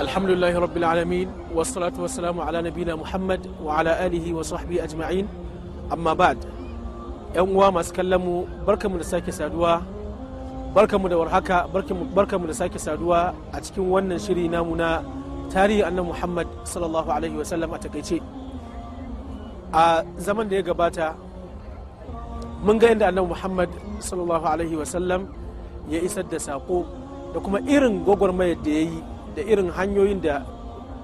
alhamdulillahi rabbil alamin wassalatu wasalamu ala nabina muhammad wa ala alihi wa sahbihi ajma'in amma ba'd yan uwa masu kallon mu barkamu da sake saduwa barkamu da warhaka barkamu da sake saduwa a cikin wannan shiri namu na tarihi annabi muhammad sallallahu alaihi wa sallam a takaice a zaman da ya gabata mun ga inda annabi muhammad sallallahu alaihi wa sallam ya isar da sako da kuma irin gwagwarmayar da ya yi da irin hanyoyin da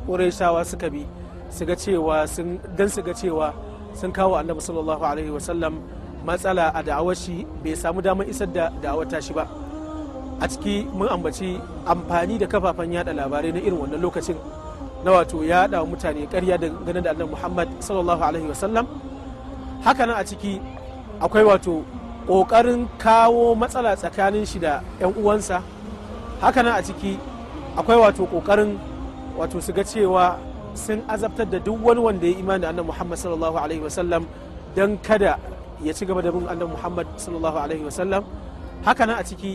ƙurayshawa suka bi su cewa sun dan su ga cewa sun kawo annabi sallallahu alaihi wasallam matsala a da'awar shi bai samu damar isar da da'awar tashi ba a ciki mun ambaci amfani da kafafen yada labarai na irin wannan lokacin na wato dawo mutane karya ganin da annabi muhammad sallallahu alaihi wasallam nan a ciki akwai wato ƙoƙarin kawo matsala tsakanin shi da 'yan uwansa hakanan a ciki akwai wato kokarin wato su ga cewa sun azabtar da duk wani wanda ya imani da annabi Muhammad sallallahu alaihi wasallam dan kada ya ci gaba da bin annabi Muhammad sallallahu alaihi wasallam haka nan a ciki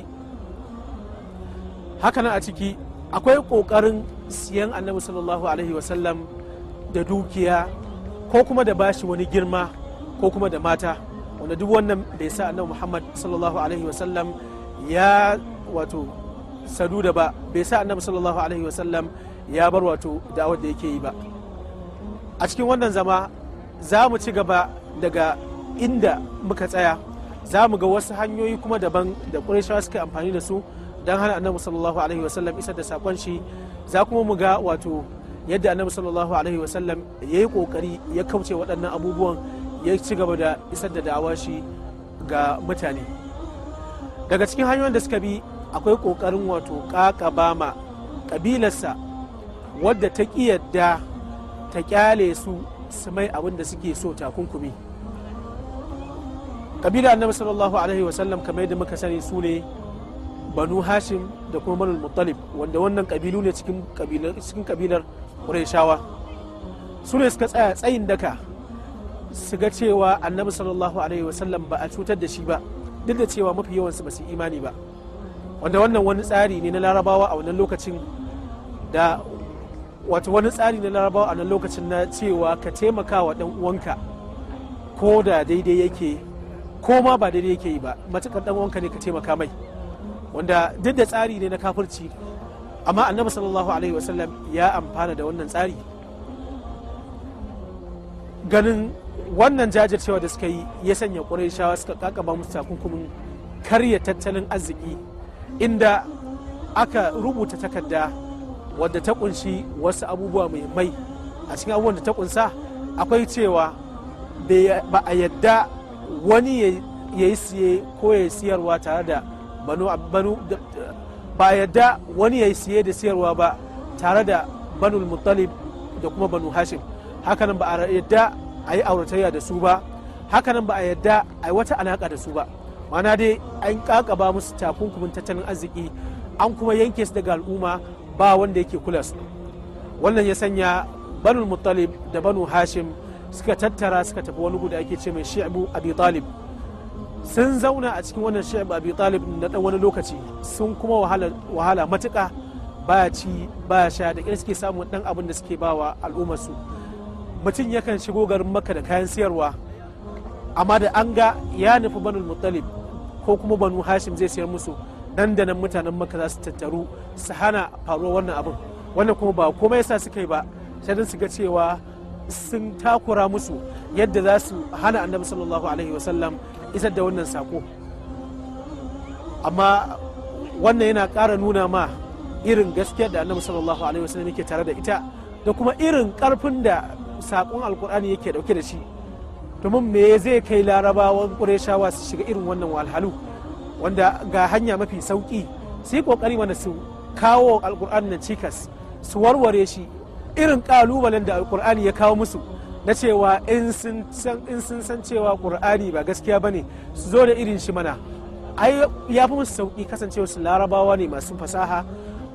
haka nan a ciki akwai kokarin siyan annabi sallallahu alaihi wasallam da dukiya ko kuma da bashi wani girma ko kuma da mata wanda duk wannan bai sa annabi Muhammad sallallahu alaihi wasallam ya wato saduda ba bai sa annabi sallallahu alaihi wasallam ya bar wato da'awar da yake yi ba a cikin wannan zama za mu ci gaba daga inda muka tsaya za mu ga wasu hanyoyi kuma daban da ƙurashawa suke amfani da su don hana annabi sallallahu alaihi wasallam isar da sakon shi za kuma mu ga wato yadda annabi sallallahu alaihi wasallam ya yi ƙoƙari ya kauce waɗannan abubuwan ya ci gaba da isar da da'awar shi ga mutane daga cikin hanyoyin da suka bi akwai ƙoƙarin wato ƙaƙaba ma ƙabilarsa wadda ta ƙi yadda ta ƙyale su su mai abin da suke so takunkumi ƙabilar annabi sallallahu alaihi wasallam kamar yadda muka sani su ne banu hashim da kuma banul muttalib wanda wannan ƙabilu ne cikin ƙabilar ƙurayshawa su ne suka tsaya tsayin daka su ga cewa annabi sallallahu alaihi wasallam ba a cutar da shi ba duk da cewa mafi yawansu ba su imani ba wanda wannan wani tsari ne na larabawa a wannan lokacin da wato wani tsari na larabawa a wannan lokacin na cewa ka taimaka wa dan uwanka ko da daidai yake ko ma ba daidai yake yi ba matukar dan uwanka ne ka taimaka mai wanda duk da tsari ne na kafirci amma annabi sallallahu alaihi wasallam ya amfana da wannan tsari ganin wannan jajircewa da suka yi ya sanya ƙurayshawa suka kakaba musu takunkumin karya tattalin arziki inda aka rubuta takarda wadda ta kunshi wasu abubuwa mai a cikin abubuwan da ta kunsa akwai cewa ba a yadda wani ya yi siye ko ya siyarwa tare da banu ba a yadda wani ya yi siye da siyarwa ba tare da banu muttalib da kuma banu hashim hakanan ba a yadda a yi auratayya da su ba hakanan ba a yadda a yi wata alaƙa da su ba mana dai an kakaba musu takunkumin tattalin arziki an kuma yanke su daga al'umma ba wanda yake kula su wannan ya sanya banul muttalib da banu hashim suka tattara suka tafi wani guda ake ce mai shi'bu abi talib sun zauna a cikin wannan shi'bu abi talib na dan wani lokaci sun kuma wahala matuka baya ci baya sha da ƙyar suke samun dan abin da suke bawa al'ummar su mutum yakan shigo garin makka da kayan siyarwa amma da an ga ya nufi banul muttalib ko kuma banu hashim zai sayar musu nan da nan mutanen maka za su tattaru su hana faruwar wannan abin wannan kuma ba komai yasa suka yi ba sai dan su ga cewa sun takura musu yadda za su hana annabi sallallahu alaihi wasallam isar da wannan sako amma wannan yana ƙara nuna ma irin gaskiya da annabi sallallahu alaihi wasallam yake tare da ita da kuma irin ƙarfin da saƙon alkur'ani yake dauke da shi domin me zai kai larabawan ƙureshawa su shiga irin wannan walhalu wanda ga hanya mafi sauki su yi ƙoƙari wanda su kawo alƙur'ani na cikas su warware shi irin ƙalubalen da alƙur'ani ya kawo musu na cewa in sun san cewa ƙur'ani ba gaskiya ba ne su zo da irin shi mana ai ya fi musu sauki kasancewa su larabawa ne masu fasaha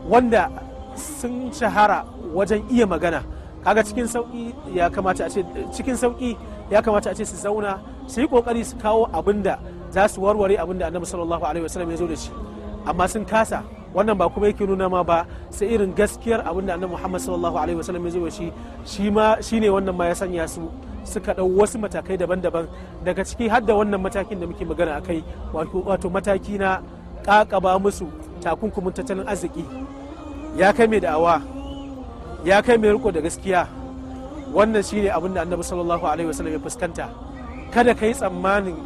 wanda sun shahara wajen iya magana kaga cikin sauƙi ya kamata a ce cikin sauki. ya kamata a ce su zauna su yi kokari su kawo abin da za su warware abin da annabi sallallahu alaihi wasallam ya zo da shi amma sun kasa wannan ba kuma yake nuna ma ba sai irin gaskiyar abin da annabi muhammad sallallahu alaihi wasallam ya zo da shi shi ma shine wannan ma ya sanya su suka ɗau wasu matakai daban-daban daga ciki har da wannan matakin da muke magana a kai wato mataki na ƙaƙaba musu takunkumin tattalin arziki ya kai mai da'awa ya kai mai riko da gaskiya wannan ne abin da annabi sallallahu alaihi wasallam ya fuskanta kada ka yi tsammanin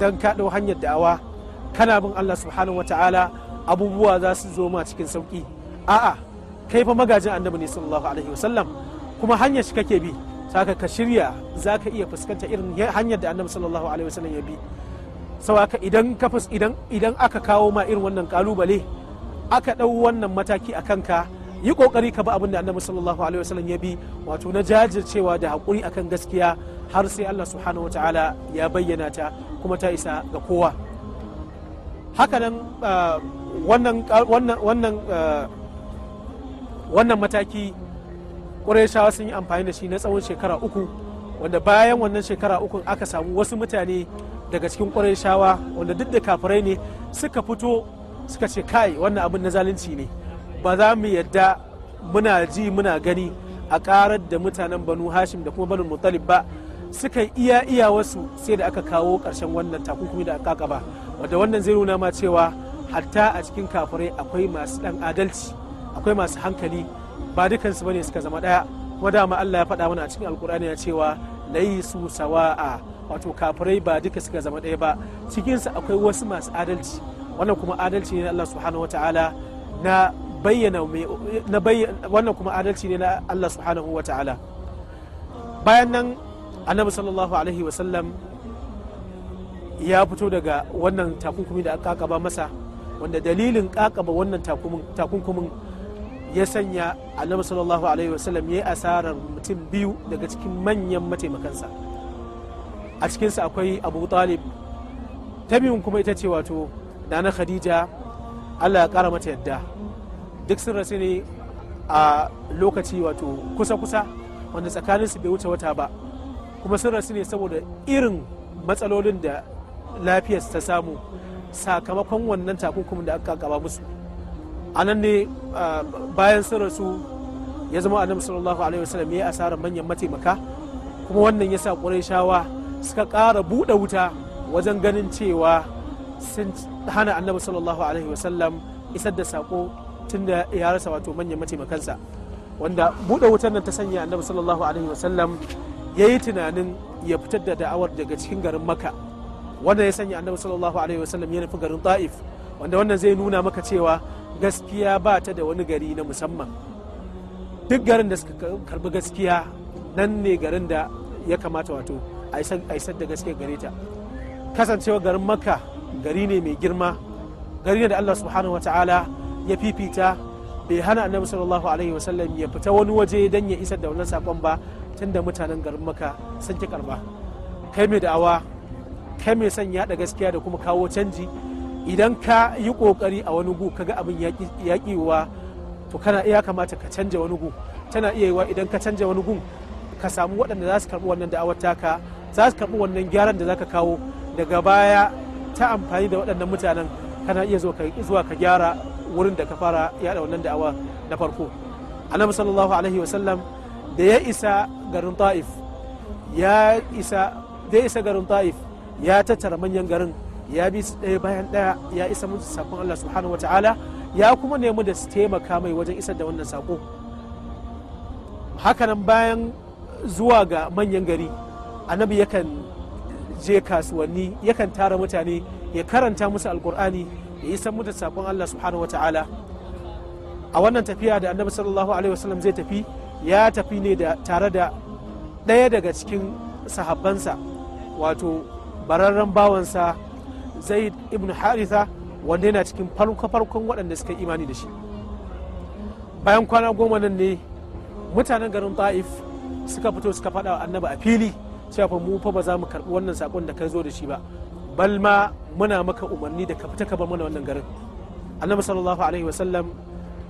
don kaɗo hanyar da'awa kana bin Allah subhanahu wa ta'ala abubuwa za su zo ma cikin sauki a'a kai fa magajin annabi ne sallallahu alaihi wasallam kuma hanyar shi kake bi saka ka shirya za ka iya fuskanta irin hanyar da annabi sallallahu alaihi wasallam ya bi sawaka idan ka idan idan aka kawo ma irin wannan kalubale aka ɗau wannan mataki a kanka yi kokari ka bi abin da annabi sallallahu alaihi wasallam ya bi wato na jajircewa da hakuri akan gaskiya har sai Allah subhanahu wataala ya bayyana ta kuma ta isa ga kowa hakanan ah, wannan wannan ah, wannan mataki ƙurayshawa sun yi amfani da shi na tsawon shekara uku wanda bayan wannan shekara uku aka samu wasu mutane daga cikin ƙurayshawa wanda duk da kafirai ne suka fito suka ce kai wannan abin na zalunci ne ba za mu yadda muna ji muna gani a karar da mutanen banu hashim da kuma banu mutalib ba suka iya iya wasu sai da aka kawo karshen wannan takunkumi da aka ba wadda wannan zai nuna ma cewa hatta a cikin kafirai akwai masu dan adalci akwai masu hankali ba dukansu bane suka zama daya kuma dama Allah ya faɗa mana a cikin alkur'ani ya cewa laisu sawa'a wato kafirai ba duka suka zama daya ba cikinsu akwai wasu masu adalci wannan kuma adalci ne na Allah subhanahu wataala na bayyana na bayyana wannan kuma adalci ne na Allah subhanahu wa ta'ala bayan nan annabi sallallahu alaihi wa sallam ya fito daga wannan takunkumi da aka kaba masa wanda dalilin kakaba wannan takunkumin ya sanya annabi sallallahu alaihi sallam ya yi asarar mutum biyu daga cikin manyan mataimakansa a cikinsa akwai abu talib ta kuma ita ce wato nana khadija allah ya kara mata yadda duk sun rasu ne a lokaci wato kusa-kusa wanda tsakaninsu bai wuce wata ba kuma sun rasu ne saboda irin matsalolin da lafiyar ta samu sakamakon wannan takunkumin da aka gaba musu a nan ne bayan sun rasu ya zama annabi sallallahu alaihi wasallam ya asarar manyan mataimaka kuma wannan yasa sa shawa suka ƙara buɗe wuta wajen ganin cewa sun hana annabi sallallahu alaihi wasallam isar da sako tunda ya rasa wato manyan mataimakansa wanda buɗe wutar nan ta sanya annabi sallallahu alaihi wasallam ya yi tunanin ya fitar da da'awar daga cikin garin maka wanda ya sanya annabi sallallahu alaihi wasallam ya nufi garin ta'if wanda wannan zai nuna maka cewa gaskiya ba ta da wani gari na musamman duk garin da suka karbi gaskiya nan ne garin da ya kamata wato a isar da gaskiya gare ta kasancewa garin maka gari ne mai girma gari ne da allah subhanahu wa ta'ala ya fifita bai hana annabi sallallahu alaihi wasallam ya fita wani waje don ya isar da wannan sakon ba tun da mutanen garin maka sun ki karba kai mai da'awa kai mai son yada gaskiya da kuma kawo canji idan ka yi kokari a wani gu kaga abin yaƙiwa to kana iya kamata ka canja wani gu tana iya yiwa idan ka canja wani gun ka samu waɗanda za su karɓi wannan da'awar taka za su karɓi wannan gyaran da za ka kawo daga baya ta amfani da waɗannan mutanen kana iya zuwa ka gyara wurin da ka fara yada wannan da'awa na farko annabi sallallahu alaihi wasallam da ya isa garin ta'if ya isa da isa garin ta'if ya tattara manyan garin ya bi su ɗaya bayan ɗaya ya isa musu sakon Allah subhanahu wataala ya kuma nemi da su taimaka mai wajen isar da wannan sako hakanan bayan zuwa ga manyan gari annabi yakan je kasuwanni yakan tara mutane ya karanta musu alkur'ani ya isan mu da sakon Allah subhanahu wataala a wannan tafiya da annabi sallallahu alaihi wasallam zai tafi ya tafi ne da tare da ɗaya daga cikin sahabbansa wato bararren bawansa zaid ibn haritha wanda yana cikin farko-farkon waɗanda suka imani da shi bayan kwana goma nan ne mutanen garin ta'if suka fito suka faɗa annabi a fili cewa mu fa ba za mu karɓi wannan sakon da ka zo da shi ba balma muna maka umarni da ka fita ka bar mana wannan garin annabi sallallahu alaihi wasallam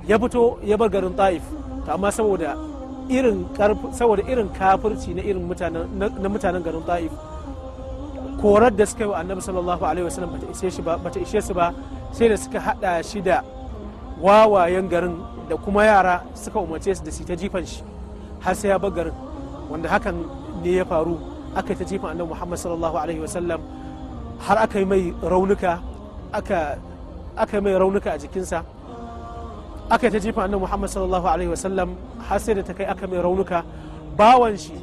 ya fito ya bar garin ta'if to amma saboda irin saboda irin kafirci na irin mutanen na mutanen garin ta'if korar da suka yi wa annabi sallallahu alaihi wasallam bata ishe shi ba bata ishe su ba sai da suka hada shi da wawayen garin da kuma yara suka umarce su da su ta jifan shi har sai ya bar garin wanda hakan ne ya faru aka ta jifan annabi muhammad sallallahu alaihi wasallam har aka yi mai raunuka aka aka mai raunuka a jikinsa aka ta jefa annabi Muhammad sallallahu alaihi wasallam har sai da ta kai aka mai raunuka bawan shi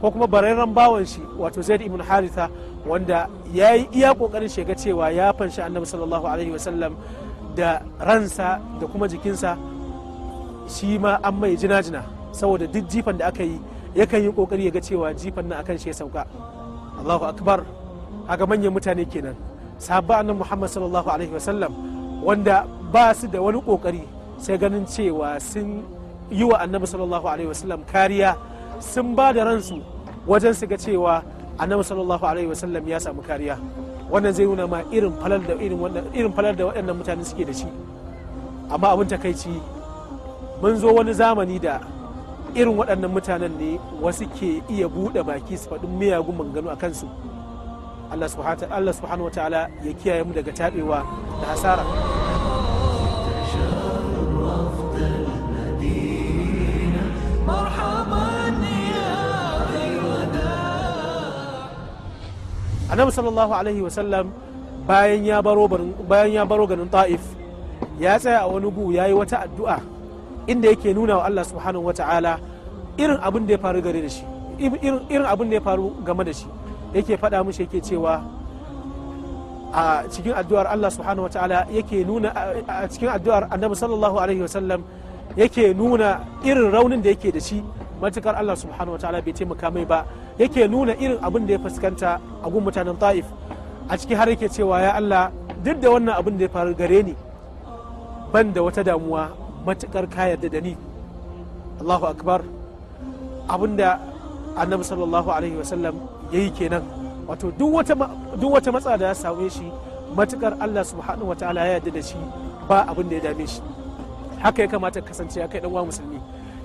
ko kuma bararren bawan shi wato Zaid ibn Haritha wanda ya yi iya kokarin shiga cewa ya fanshi annabi sallallahu alaihi wasallam da ransa da kuma jikinsa shi ma an mai jina-jina saboda duk jifan da aka yi yakan yi kokari ya ga cewa jifan na akan shi ya sauka Allahu akbar a ga manyan mutane kenan sahabba annabi muhammad sallallahu alaihi wasallam wanda ba su da wani kokari sai ganin cewa sun yi wa annabi sallallahu alaihi wasallam kariya sun ba da ransu wajen su ga cewa annabi sallallahu alaihi wasallam ya samu kariya wannan zai nuna ma irin falal da irin wannan irin falal da waɗannan mutane suke da shi amma abin takaici mun zo wani zamani da irin waɗannan mutanen ne wasu ke iya buɗe baki su faɗin miyagun mangano a kansu Allah subhanahu ta'ala ya kiyaye mu daga taɓewa da hasara annabi sallallahu alaihi wasallam bayan ya baro bayan ganin ta'if ya tsaya a wani gu yayi wata addu'a inda yake nuna wa Allah subhanahu wataala irin da da shi irin abin da ya faru game da shi yake faɗa mishi yake cewa a cikin addu'ar Allah subhanahu wataala yake nuna a cikin addu'ar annabi sallallahu alaihi wasallam yake nuna irin raunin da yake da shi matukar Allah subhanahu wataala bai taimaka mai ba yake nuna irin abin da ya fuskanta a gun mutanen Taif a ciki har yake cewa ya Allah duk da wannan abin da ya faru gare ni ban da wata damuwa matukar ka yarda da ni Allahu akbar abinda annabi sallallahu alaihi wasallam ya yi kenan wato duk wata matsa da ya same shi matukar Allah subhanahu wa ta'ala ya yarda da shi ba abin da ya dame shi haka ya kamata kasance ya kai dan uwa musulmi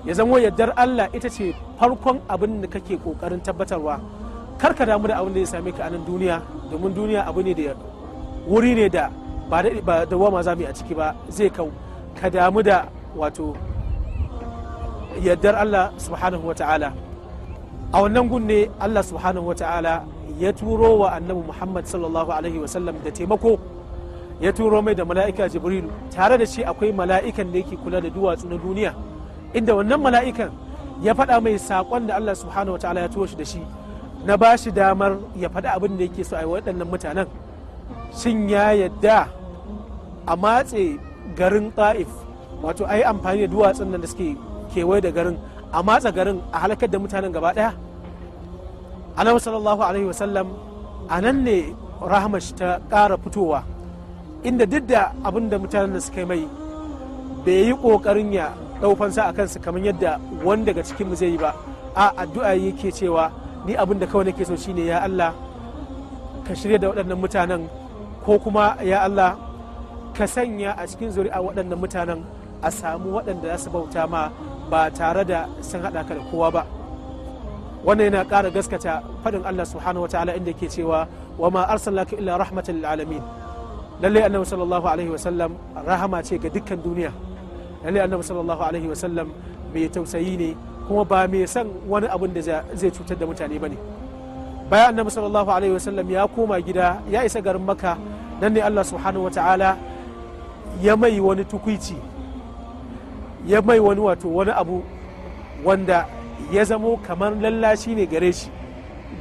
ya zamo yardar Allah ita ce farkon abin da kake kokarin tabbatarwa kar ka damu da abin da ya same ka a nan duniya domin duniya abu ne da wuri ne da ba da ba za mu a ciki ba zai kau ka damu da wato yardar Allah subhanahu wa ta'ala a wannan gunne Allah subhanahu wa ta'ala ya turo wa annabi Muhammad sallallahu alaihi wasallam da taimako ya turo mai da mala'ika Jibrilu tare da shi akwai mala'ikan da yake kula da duwatsu na duniya inda wannan mala'ikan ya faɗa mai sakon da Allah subhanahu wa ta'ala ya turo shi da shi na ba shi damar ya faɗa abin da yake so a waɗannan mutanen shin ya yadda a matse garin ta'if wato a yi amfani da duwatsun nan da suke kewaye da garin a matsa garin a halakar da mutanen gaba daya sallallahu alaihi wasallam a nan ne rahama ta kara fitowa inda duk da abin da mutanen da suka mai bai yi kokarin ya ɗaufansa a kansu kamar yadda wani daga cikinmu zai yi ba a addu'a yake cewa ni abin da kawai nake so shine ya Allah ka shirya da waɗannan mutanen ko kuma ya Allah ka sanya a cikin zuri'a waɗannan mutanen a samu waɗanda za su bauta ma ba tare da sun haɗa ka da kowa ba wannan yana ƙara gaskata faɗin Allah subhanahu wa ta'ala inda ke cewa wa ma arsalnaka illa rahmatan lil alamin lalle annabi sallallahu alaihi wa sallam rahama ce ga dukkan duniya lalle annabi sallallahu alaihi wa sallam mai tausayi ne kuma ba mai san wani abun da zai cutar da mutane bane bayan annabi sallallahu alaihi wa sallam ya koma gida ya isa garin makka nan ne Allah subhanahu wa ta'ala ya mai wani tukuici ya mai wani wato wani abu wanda ya zamo kamar lallashi ne gare shi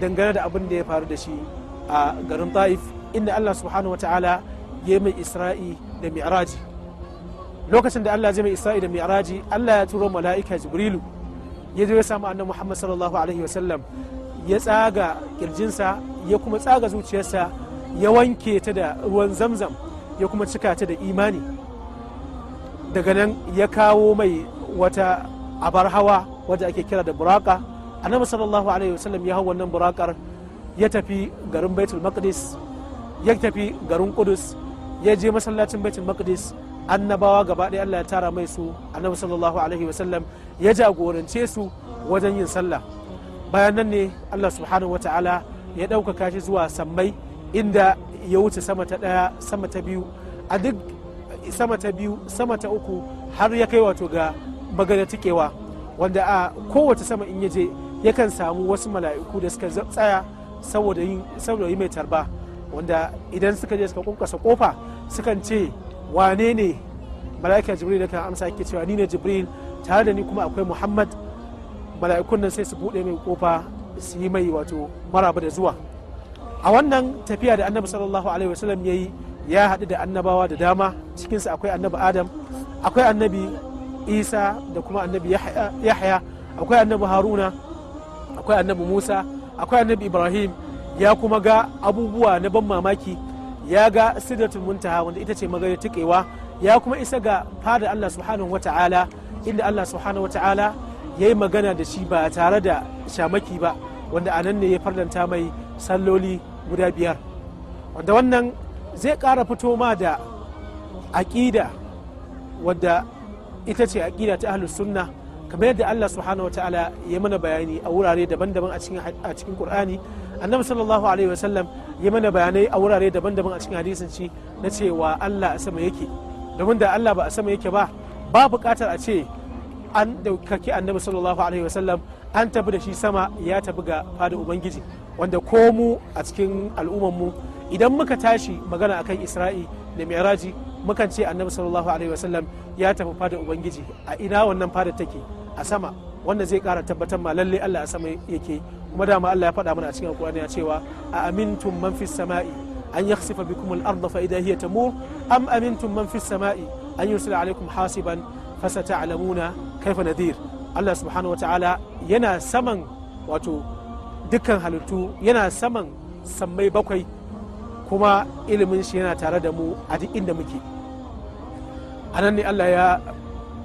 dangane da abin da ya faru da shi a garin ta'if inda Allah subhanahu wa ta'ala ya mai isra'i da mi'raji lokacin da Allah zai mai isra'i da mi'raji Allah ya turo mala'ika jibrilu ya zo ya samu annabi Muhammad sallallahu alaihi wa ya tsaga kirjinsa ya kuma tsaga zuciyarsa ya wanke ta da ruwan zamzam ya kuma cika ta da imani daga nan ya kawo mai wata abar hawa wadda ake kira da buraka annabi sallallahu alaihi wasallam ya hau wannan burakar ya tafi garin baitul maqdis ya tafi garin kudus ya je masallacin baitul maqdis annabawa gaba ɗaya Allah ya tara mai su annabi sallallahu alaihi wasallam ya jagorance su wajen yin sallah bayan nan ne Allah subhanahu wataala ya ɗaukaka shi zuwa sammai inda ya wuce sama ta ɗaya sama ta biyu a duk sama ta biyu sama ta uku har ya kai wato ga bagada tikewa wanda a kowace sama in yaje yakan samu wasu mala'iku da suka tsaya saboda yi mai tarba wanda idan suka je suka kunkasa kofa sukan ce wane ne mala'ika jibril da kan amsa yake cewa ni ne jibril tare da ni kuma akwai muhammad mala'ikun nan sai su bude mai kofa su yi mai wato maraba da zuwa a wannan tafiya da annabi sallallahu alaihi wasallam ya ya haɗu da annabawa da dama cikinsu akwai annabi adam akwai annabi isa da kuma annabi yahya akwai annabi haruna akwai annabi musa akwai annabi ibrahim ya kuma ga abubuwa na ban mamaki ya ga sidratul muntaha wanda ita ce magana tikewa ya kuma isa ga fadar allah subhanahu wa ta'ala inda allah subhanahu wa ta'ala ya yi magana da shi ba tare da shamaki ba wanda a ne ya farlanta mai salloli guda biyar wanda wannan zai ƙara fito ma da aƙida wadda ita ce aƙida ta ahlus sunna kamar yadda Allah subhanahu ta'ala ya mana bayani a wurare daban-daban a cikin a cikin Qur'ani annabi sallallahu alaihi wasallam ya mana bayanai a wurare daban-daban a cikin hadisin ci na cewa Allah a sama yake domin da Allah ba a sama yake ba ba buƙatar a ce an ɗaukaki annabi sallallahu alaihi wasallam an tafi da shi sama ya tafi ga fada ubangiji wanda ko mu a cikin al'ummar mu idan muka tashi magana akan isra'i da mi'raji mukan ce annabi sallallahu alaihi wasallam ya tafi fada ubangiji a ina wannan fadar take a sama wanda zai kara tabbatar ma lalle Allah a sama yake kuma dama Allah ya faɗa mana a cikin alkur'ani ya cewa a amintum man fis sama'i an yakhsifa bikum al-ardh fa idha hiya tamur am amintum man fis sama'i an yursila alaikum hasiban fasata'lamuna kaifa nadir Allah subhanahu wataala yana saman wato dukkan halittu yana saman sammai bakwai kuma ilimin shi yana tare da mu a duk inda muke a nan ne Allah ya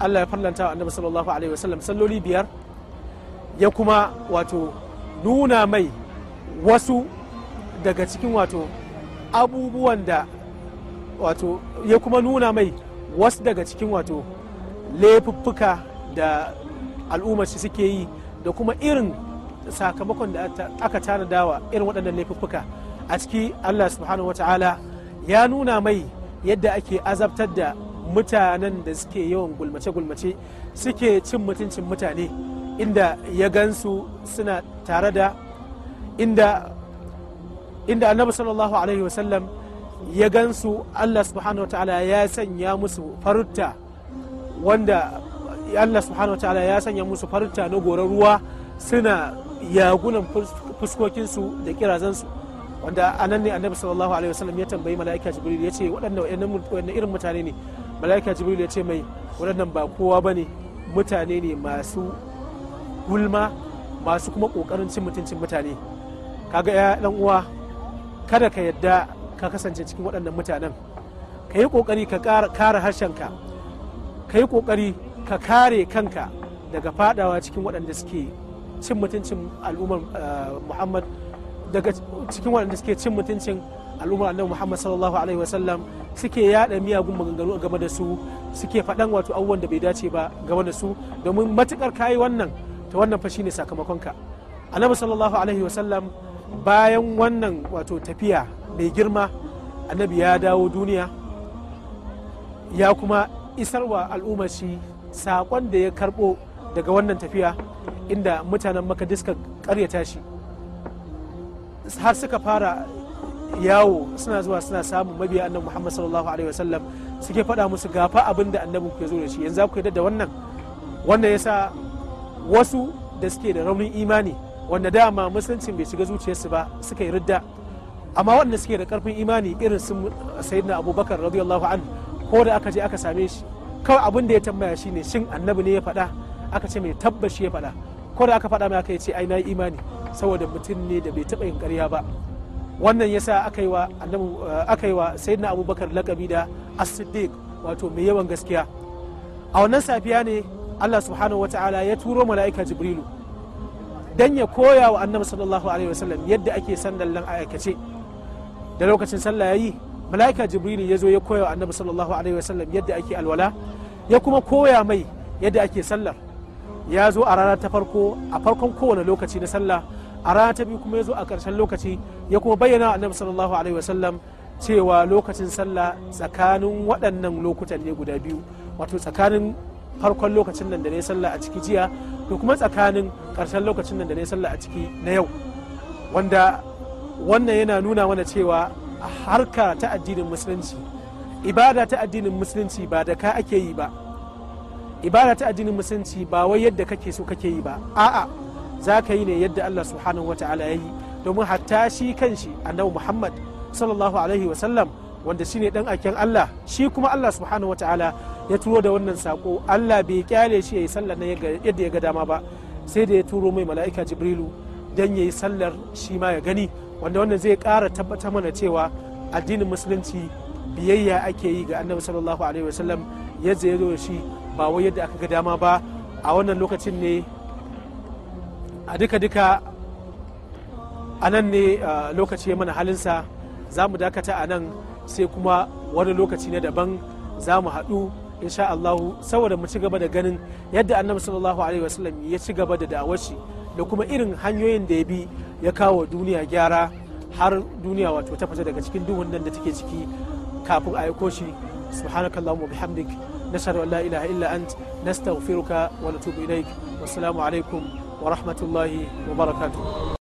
Allah ya farlanta annabi sallallahu alaihi wasallam salloli biyar ya kuma wato nuna mai wasu daga cikin wato abubuwan da wato ya kuma nuna mai wasu daga cikin wato laifuffuka da al'ummar shi suke yi da kuma irin sakamakon da aka tanadawa irin waɗannan laifuffuka a ciki Allah subhanahu ta'ala ya nuna mai yadda ake azabtar da mutanen da suke yawan gulmace-gulmace suke cin mutuncin mutane inda ya gansu suna tare da inda inda annabi sallallahu alaihi wasallam ya gansu Allah subhanahu ta'ala ya sanya musu farutta wanda Allah subhanahu ta'ala ya sanya musu farutta na goron ruwa suna yagunan fuskokinsu da kirazansu wanda anan ne annabi sallallahu alaihi wasallam ya tambayi mala'ika jibril ya ce waɗannan irin mutane ne mala'ika jibril ya ce mai waɗannan ba kowa ba ne mutane ne masu gulma masu kuma ƙoƙarin cin mutuncin mutane kaga ya ɗan uwa kada ka yadda ka kasance cikin waɗannan mutanen ka yi ƙoƙari ka kare harshenka ka yi ƙoƙari ka kare kanka daga faɗawa cikin waɗanda suke cin mutuncin al'ummar eh, muhammad daga cikin waɗanda suke cin mutuncin al'ummar annabi muhammad sallallahu alaihi wasallam suke yada miyagun maganganu game da su suke faɗan wato abubuwan da bai dace ba game da su domin matukar kayi wannan ta wannan fa shine sakamakonka annabi sallallahu alaihi wasallam bayan wannan wato tafiya mai girma annabi ya dawo duniya ya kuma isarwa al'umma shi saƙon da ya karɓo daga wannan tafiya inda mutanen maka diska ƙaryata shi har suka fara yawo suna zuwa suna samun mabiya annabi Muhammad sallallahu alaihi wasallam suke faɗa musu gafa abin da annabin ku ya zo da shi yanzu za ku yadda da wannan wannan yasa wasu da suke da raunin imani wanda dama musuluncin bai shiga zuciyarsu ba suka yi ridda amma waɗanda suke da karfin imani irin sun sayyidina abubakar radiyallahu an ko da aka je aka same shi kawai abin da ya tambaya shine shin annabi ne ya faɗa aka ce mai tabbashi ya faɗa ko da aka faɗa mai aka ce ai na yi imani saboda mutum ne da bai taɓa yin ƙarya ba wannan yasa aka yi wa eh, yi wa abubakar lakabi da as wato mai yawan gaskiya a wannan safiya ne Allah subhanahu ta'ala ya turo mala'ika jibrilu dan ya koya wa annabi sallallahu alaihi wasallam yadda ake sandan nan aikace da lokacin sallah yayi mala'ika jibrilu ya zo ya koya wa annabi sallallahu alaihi wasallam yadda ake alwala ya kuma koya mai yadda ake sallar ya zo a rana ta farko a farkon kowane lokaci na sallah a rana ta biyu kuma ya zo a ƙarshen lokaci ya kuma bayyana annabi sallallahu alaihi wasallam cewa lokacin sallah tsakanin waɗannan lokutan ne guda biyu wato tsakanin farkon lokacin nan da na sallah a ciki jiya da kuma tsakanin ƙarshen lokacin nan da na sallah a ciki na yau wanda wannan yana nuna mana cewa harka ta addinin musulunci ibada ta addinin musulunci ba da ka ake yi ba ibada ta addinin musulunci ba wai yadda kake so kake yi ba a'a za ka yi ne yadda Allah subhanahu wa ta'ala ya yi domin hatta shi kanshi annabi Muhammad sallallahu alaihi wa sallam wanda shine dan aken Allah shi kuma Allah subhanahu wa ta'ala ya turo da wannan sako Allah bai kyale shi yayi sallar na yadda ya ga dama ba sai da ya turo mai mala'ika Jibrilu dan yayi sallar shi ma ya gani wanda wannan zai ƙara tabbatar mana cewa addinin musulunci biyayya ake yi ga annabi sallallahu alaihi wa sallam yadda ya zo shi ba wai yadda aka ga dama ba a wannan lokacin ne a duka-duka a nan ne lokaci ya mana halinsa za mu dakata a nan sai kuma wani lokaci na daban za mu haɗu insha Allahu saboda mu ci gaba da ganin yadda annabi sallallahu alaihi wasallam ya ci gaba da dawashi da kuma irin hanyoyin da ya bi ya kawo duniya gyara har duniya wato ta fita daga cikin duhun nan da take ciki kafin a aiko shi subhanakallahumma bihamdik nashhadu an la ilaha illa ant nastaghfiruka wa natubu ilaik wassalamu alaikum ورحمة الله وبركاته